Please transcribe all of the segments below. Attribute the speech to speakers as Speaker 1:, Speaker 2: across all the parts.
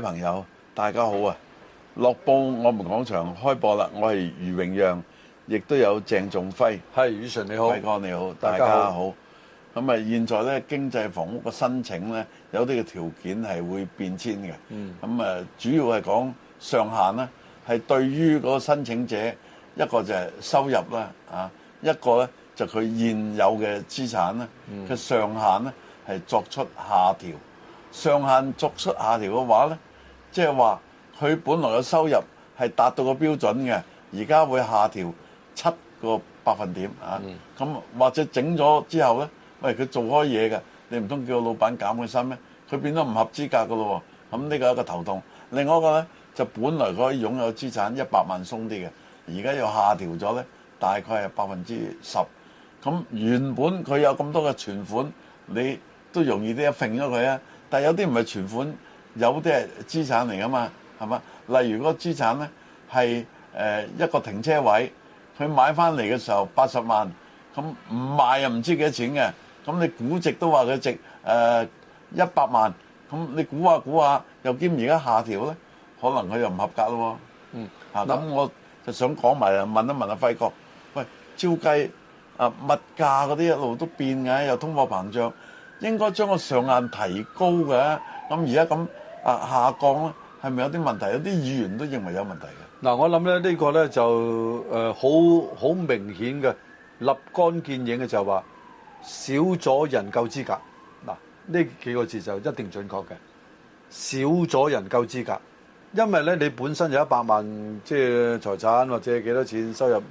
Speaker 1: 朋友，大家好啊！《樂報我們講場開播啦，我係余榮讓，亦都有鄭仲輝。係宇純你好，輝哥你好，大家好。咁啊，現在咧經濟房屋嘅申請咧，有啲嘅條件係會變遷嘅。嗯。咁啊，主要係講上限咧，係對於個申請者，一個就係收入啦，啊，一個咧就佢現有嘅資產咧嘅、嗯、上限咧係作出下調。上限作出下調嘅話咧？即係話佢本來嘅收入係達到個標準嘅，而家會下調七個百分點啊、嗯！咁或者整咗之後呢，喂佢做開嘢嘅，你唔通叫我老闆減佢薪咩？佢變咗唔合資格噶咯喎！咁呢個係一個頭痛，另外一個呢，就本來可以擁有資產一百萬鬆啲嘅，而家又下調咗呢，大概係百分之十。咁原本佢有咁多嘅存款，你都容易啲一揈咗佢啊！但係有啲唔係存款。有啲係資產嚟噶嘛，係嘛？例如嗰個資產咧，係誒一個停車位，佢買翻嚟嘅時候八十萬，咁唔賣又唔知幾多錢嘅，咁你估值都話佢值誒一百萬，咁你估下估下，又兼而家下調咧，可能佢又唔合格咯。嗯，咁我就想講埋嚟問一問阿、啊、輝哥，喂，照計啊物價嗰啲一路都變嘅，又通貨膨脹，應該將個上限提高嘅，咁而家咁。啊下降咧，係咪有啲問題？有啲議員都認為有問題嘅。嗱，我諗
Speaker 2: 咧呢個咧就誒好好明顯嘅立竿見影嘅就話少咗人夠資格。嗱，呢幾個字就一定準確嘅。少咗人夠資格，因為咧你本身有一百萬即係財產或者幾多錢收入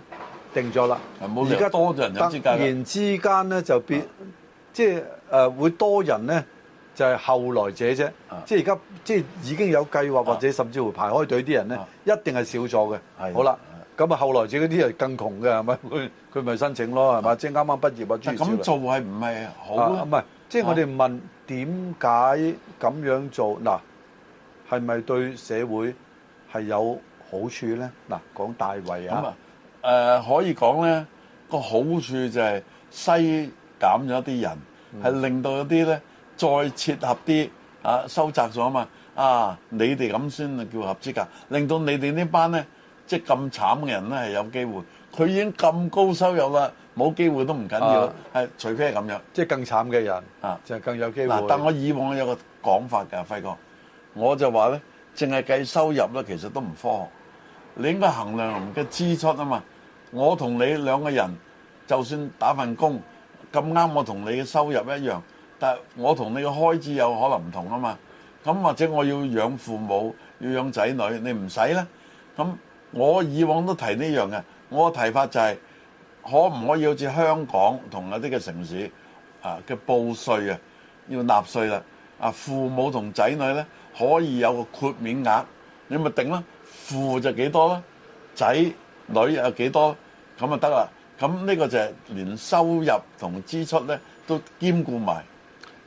Speaker 2: 定咗啦。而家多咗人夠資格，突然之間咧就變即係誒會多人咧。就係後來者啫，即係而家即係已經有計劃，或者甚至乎排開隊啲人咧，一定係少咗嘅。係好啦，咁啊後來者嗰啲人更窮嘅，係咪佢佢咪申請咯？係嘛，即係啱啱畢業啊，專業咁做係唔係好？唔係，即係我哋問點解咁樣做嗱，係咪對社會係
Speaker 1: 有好處咧？嗱，講大圍啊，誒可以講咧個好處就係西減咗啲人，係令到一啲咧。再切合啲啊，收窄咗啊嘛啊！你哋咁先叫合資格，令到你哋呢班呢，即係咁慘嘅人呢，係有機會。佢已經咁高收入啦，冇機會都唔緊要。係、啊、除非係咁樣，即係更慘嘅人啊，就更有機會。啊、但我以往有個講法㗎，輝哥，我就話呢，淨係計收入呢，其實都唔科學。你應該衡量嘅支出啊嘛。我同你兩個人，就算打份工咁啱，我同你嘅收入一樣。但我同你嘅開支有可能唔同啊嘛，咁或者我要養父母，要養仔女，你唔使呢。咁我以往都提呢樣嘅，我嘅提法就係可唔可以好似香港同有啲嘅城市啊嘅報稅啊要納稅啦啊，父母同仔女呢，可以有個豁免額，你咪定咯，父就幾多啦，仔女又幾多咁就得啦。咁呢個就係連收入同支出呢都兼顧埋。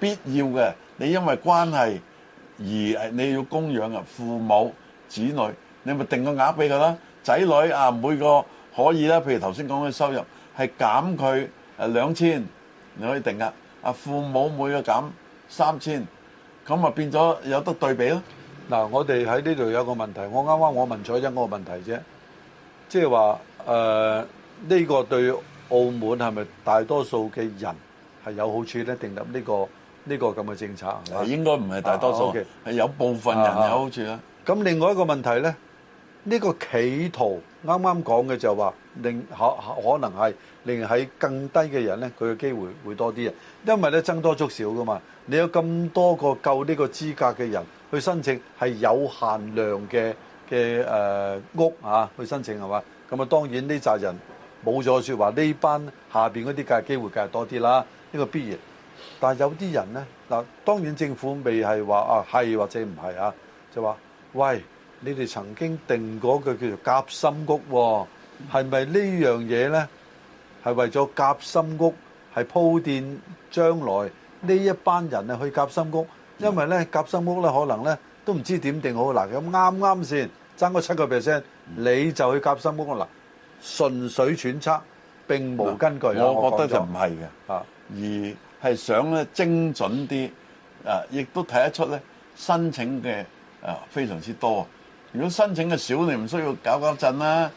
Speaker 1: 必要嘅，你因為關係而誒你要供養啊父母、子女，你咪定個額俾佢咯。仔女啊每個可以啦，譬如頭先講嘅收入係減佢誒兩千，你可以定㗎。啊父母每個減三千，咁啊變咗有得對比咯。嗱，我哋喺呢度有個問題，我啱啱
Speaker 2: 我問咗一個問題啫，即係話誒呢個對澳門係咪大多數嘅人係有好處咧？定立呢個。呢、這個咁嘅政策係應該唔係大多數，係、啊 okay，有部分人有好處啦。咁、啊啊、另外一個問題呢，呢、這個企圖啱啱講嘅就話令可，可能係令喺更低嘅人呢，佢嘅機會會多啲啊。因為呢，增多縮少噶嘛，你有咁多個夠呢個資格嘅人去申請，係有限量嘅嘅誒屋啊，去申請係嘛。咁啊當然呢扎人冇咗說話，呢班下邊嗰啲嘅機會梗係多啲啦，呢、這個必然。但係有啲人呢，嗱當然政府未係話啊係或者唔係啊，就話喂你哋曾經定過嗰句叫做夾心屋，係咪呢樣嘢呢係為咗夾心屋，係鋪墊將來呢一班人啊去夾心屋？因為呢夾心屋呢可能呢都唔知點定好。嗱，咁啱啱先爭嗰七個 percent 你就去夾心屋啦，純粹揣測並無根據。我覺得就唔係
Speaker 1: 嘅啊而。係想咧精準啲，啊，亦都睇得出咧申請嘅啊非常之多。如果申請嘅少，你唔需要搞搞震啦，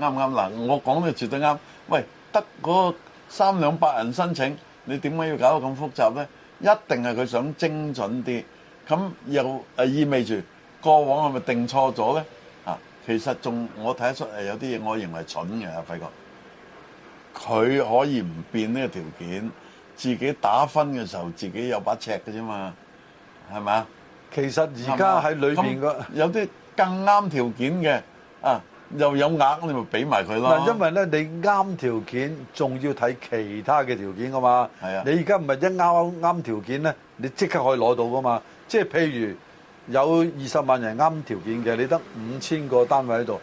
Speaker 1: 啱唔啱？嗱，我講嘅絕對啱。喂，得嗰三兩百人申請，你點解要搞到咁複雜咧？一定係佢想精準啲，咁又啊意味住過往係咪定錯咗咧？啊，其實仲我睇得出有啲嘢我認為蠢嘅，阿輝哥，佢可以唔變呢個條件。自己打分嘅時候，自己有把尺嘅啫嘛，係咪啊？其實而家喺裏邊個有啲更啱條件嘅啊，又有額，你咪俾埋佢咯。嗱，因為咧，你啱條件
Speaker 2: 仲要睇其他嘅條件噶嘛。係啊，你而家唔係一啱啱條件咧，你即刻可以攞到噶嘛。即係譬如有二十萬人啱條件嘅，你得五千個單位喺度，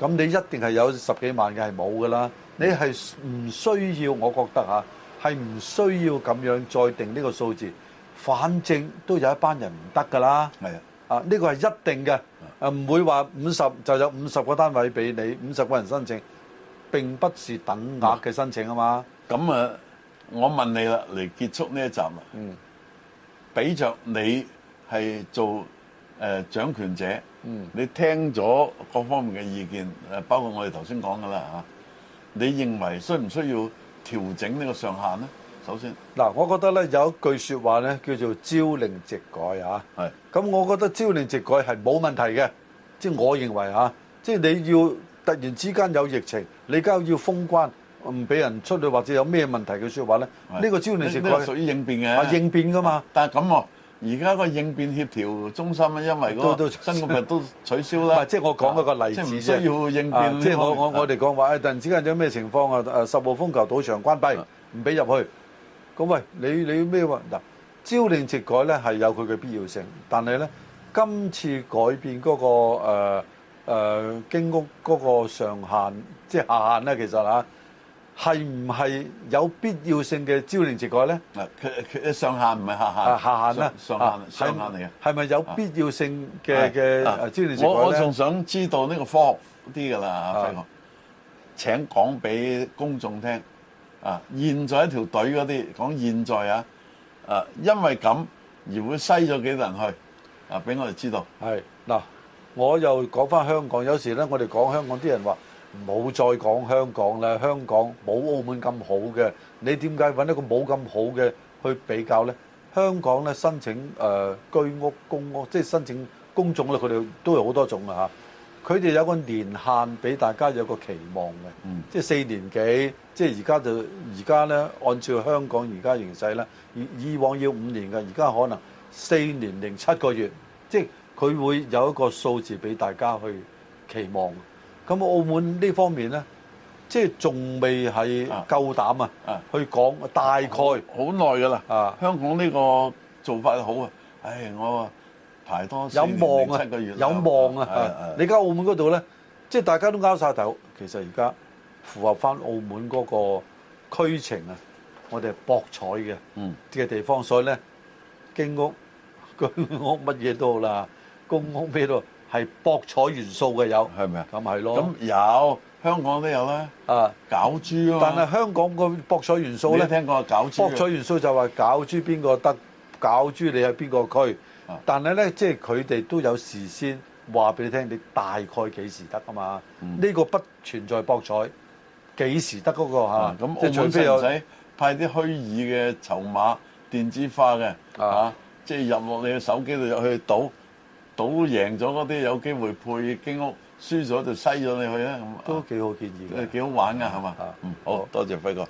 Speaker 2: 咁你一定係有十幾萬嘅係冇噶啦。你係唔需要，我覺得嚇。係唔需要咁樣再定呢個數字，反正都有一班人唔得㗎啦。係啊，啊呢個係一定嘅，啊唔會話五十就有五十個單位俾你，五十個人申請，並不是等額嘅申
Speaker 1: 請啊嘛。咁啊，我問你啦，嚟結束呢一集啦。嗯。俾著你係做誒掌權者，嗯，你聽咗各方面嘅意見，誒包括我哋頭先講㗎啦嚇，你認為需唔需要？調整呢個上限呢，首先嗱，我覺得呢，有一句説話呢叫做
Speaker 2: 朝令夕改啊，係，咁，啊，我覺得朝令夕改係冇問題嘅，即係我認為啊，即係你要突然之間有疫情，你而家要封關，唔俾
Speaker 1: 人出去，或者有咩問題嘅説話呢，呢個朝令夕改屬於應變嘅，啊，應變㗎嘛，但係咁喎。而家個應變協調中心，因為個新嘅都取消啦。唔 係、就是、我講嗰個例子即係、啊就是、唔需要應變即係、啊就是、我我是我哋
Speaker 2: 講話，誒、哎、突然之間有咩情況啊？十號風球，賭場關閉，唔俾入去。咁喂，你你咩話？嗱、啊，朝令夕改咧，係有佢嘅必要性。但係咧，今次改變嗰、那個誒誒經屋嗰個上限，即係下限咧，其實、啊係唔係有必要性嘅朝令夕改咧？佢佢上限唔係下限，下限啦，
Speaker 1: 上限，上限，
Speaker 2: 上限、啊、上限
Speaker 1: 嚟嘅。係咪有必
Speaker 2: 要性嘅嘅朝令夕改，我仲
Speaker 1: 想知道呢個科學啲㗎喇，阿、啊、飛哥，請講俾公眾聽。啊，現在一條隊嗰啲講現在啊，啊，因為咁而會篩咗幾多人去啊，俾我哋知道。係嗱，我又講翻
Speaker 2: 香港，有時咧，我哋講香港啲人話。冇再講香港啦，香港冇澳門咁好嘅，你點解揾一個冇咁好嘅去比較呢？香港咧申請誒居屋公屋，即係申請公眾啦，佢哋都有好多種啊。佢哋有個年限俾大家有個期望嘅、嗯，即係四年幾，即係而家就而家呢，按照香港而家形勢呢，以往要五年嘅，而家可能四年零七個月，即係佢會有一個數字俾大家去期望。咁澳門呢方面咧，即係仲未係夠膽啊，去、啊、講大概好耐㗎啦。啊，香港呢個做法好啊，唉、哎，我話排多時零七個月有望啊。你而家澳門嗰度咧，即係、啊啊、大家都拗晒頭，其實而家符合翻澳門嗰個區情啊，我哋係博彩嘅嗯嘅地方，所以咧經屋居屋乜嘢都好啦，公屋咩都好。係博彩元素
Speaker 1: 嘅有係咪啊？咁係咯。咁有香港都有啦。啊，搞
Speaker 2: 珠啊，但係香港個博彩元素咧，你聽講係搞珠，博彩元素就話搞珠邊個得？搞珠你喺邊個區、啊？但係咧，即係佢哋都有事先話俾你聽，你大概幾時得啊嘛？呢、嗯這個不存在博彩幾時得嗰個嚇。咁澳門飛唔使
Speaker 1: 派啲虛擬嘅籌碼電子化嘅嚇、啊啊，即係入落你嘅手機度入去賭。賭贏咗嗰啲有機會配經屋，輸咗就蝕咗你去啊！都幾好建議嘅，幾好玩㗎係咪？嗯，好，好多謝輝哥。